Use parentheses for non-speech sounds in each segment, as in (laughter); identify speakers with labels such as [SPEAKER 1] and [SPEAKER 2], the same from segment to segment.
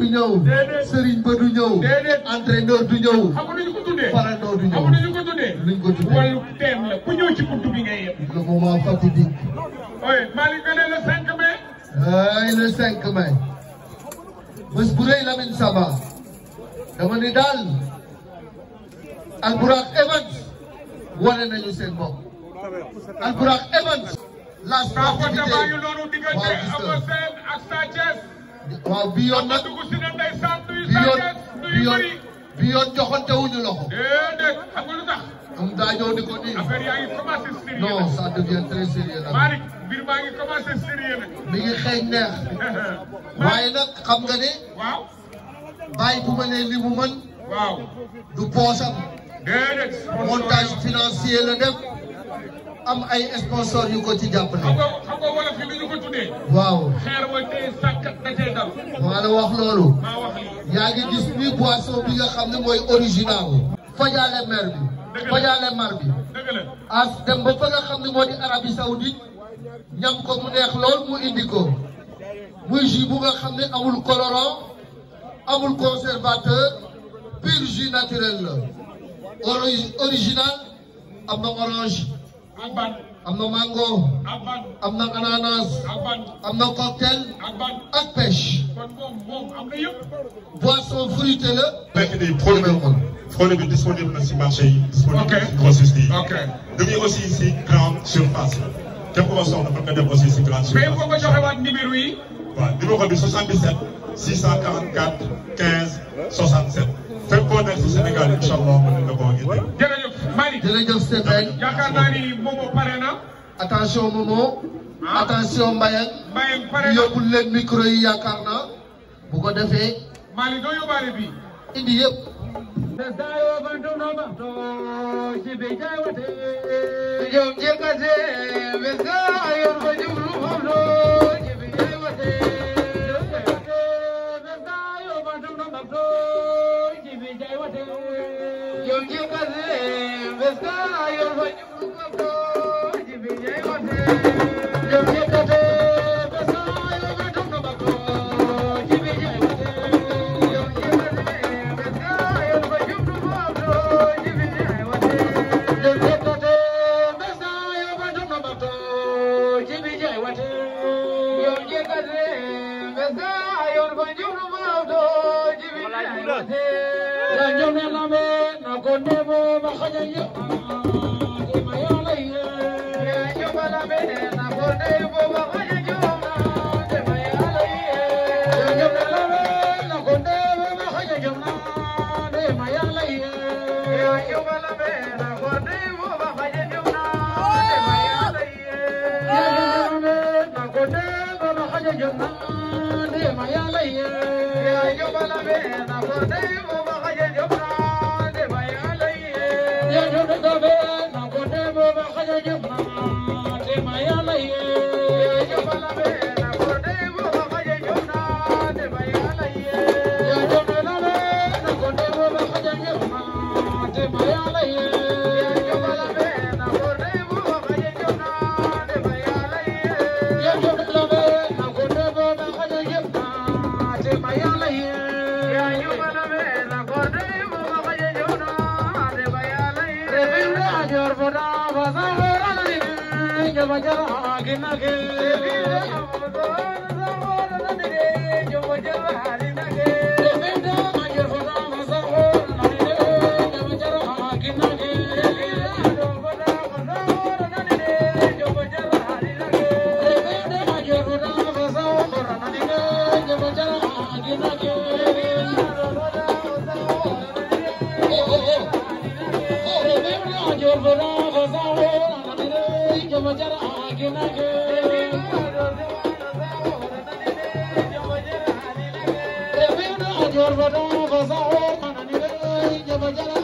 [SPEAKER 1] du ñëw sëriñ ba du ñëw entraîneur du ñëw walu thème la ku ñëw ci buntu bi ngay yeb le moment fatidique oui mali nga ne le 5 mai ay le 5 mai evans wane nañu seen bopp evans la sportivité waa waaw bi yoon bi yoon bi yoon bi yoon joxante wuñu loxo. déedéet xam nga lu ko nii. affaire yaa ngi commencé non ça devient très sérieux nag. Malick mbir maa ngi commencé sérieux (laughs) xam nga ne. waaw. bàyyi bu ma nee li mu du poosam. montage financier am ay sponsors yu ko ci jàppale. waaw maa la wax loolu yaa ngi gis bi boisson bi mooy original fajaale mer bi fajaale mar bi as dem fa nga xam ne moo di Arabie mu neex lool mu indi ko muy jus bu nga xam ne orange am na mango amna na ananas am na cocktail ak pêche boisson fruitée la. nekk nii produit bi nga produit bi disponible marché yi. disponible na si grossiste yi. ok aussi ici, grande surface la. képp koo soxla mën nga aussi si grande surface. mais il faut que numéro yi. waaw numéro bi 77 644 15 67 Faites koo nekk si Sénégal incha allah mën na koo Mali jërëjëf Sébène. yaakaar naa ni Momo pare na. attention Momo. Ah. attention Mbayang. Mbayang pare na yóbbul leen micro yi yaakaar naa. bu ko defee. Mali doo yóbbaale bi. indi yëpp. jom jekase la jone lambe na ko debo ba xajayo Oh, I'm gonna go to the hospital.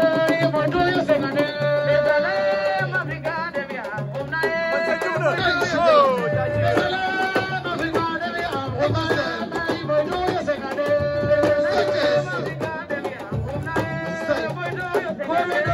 [SPEAKER 1] Amen.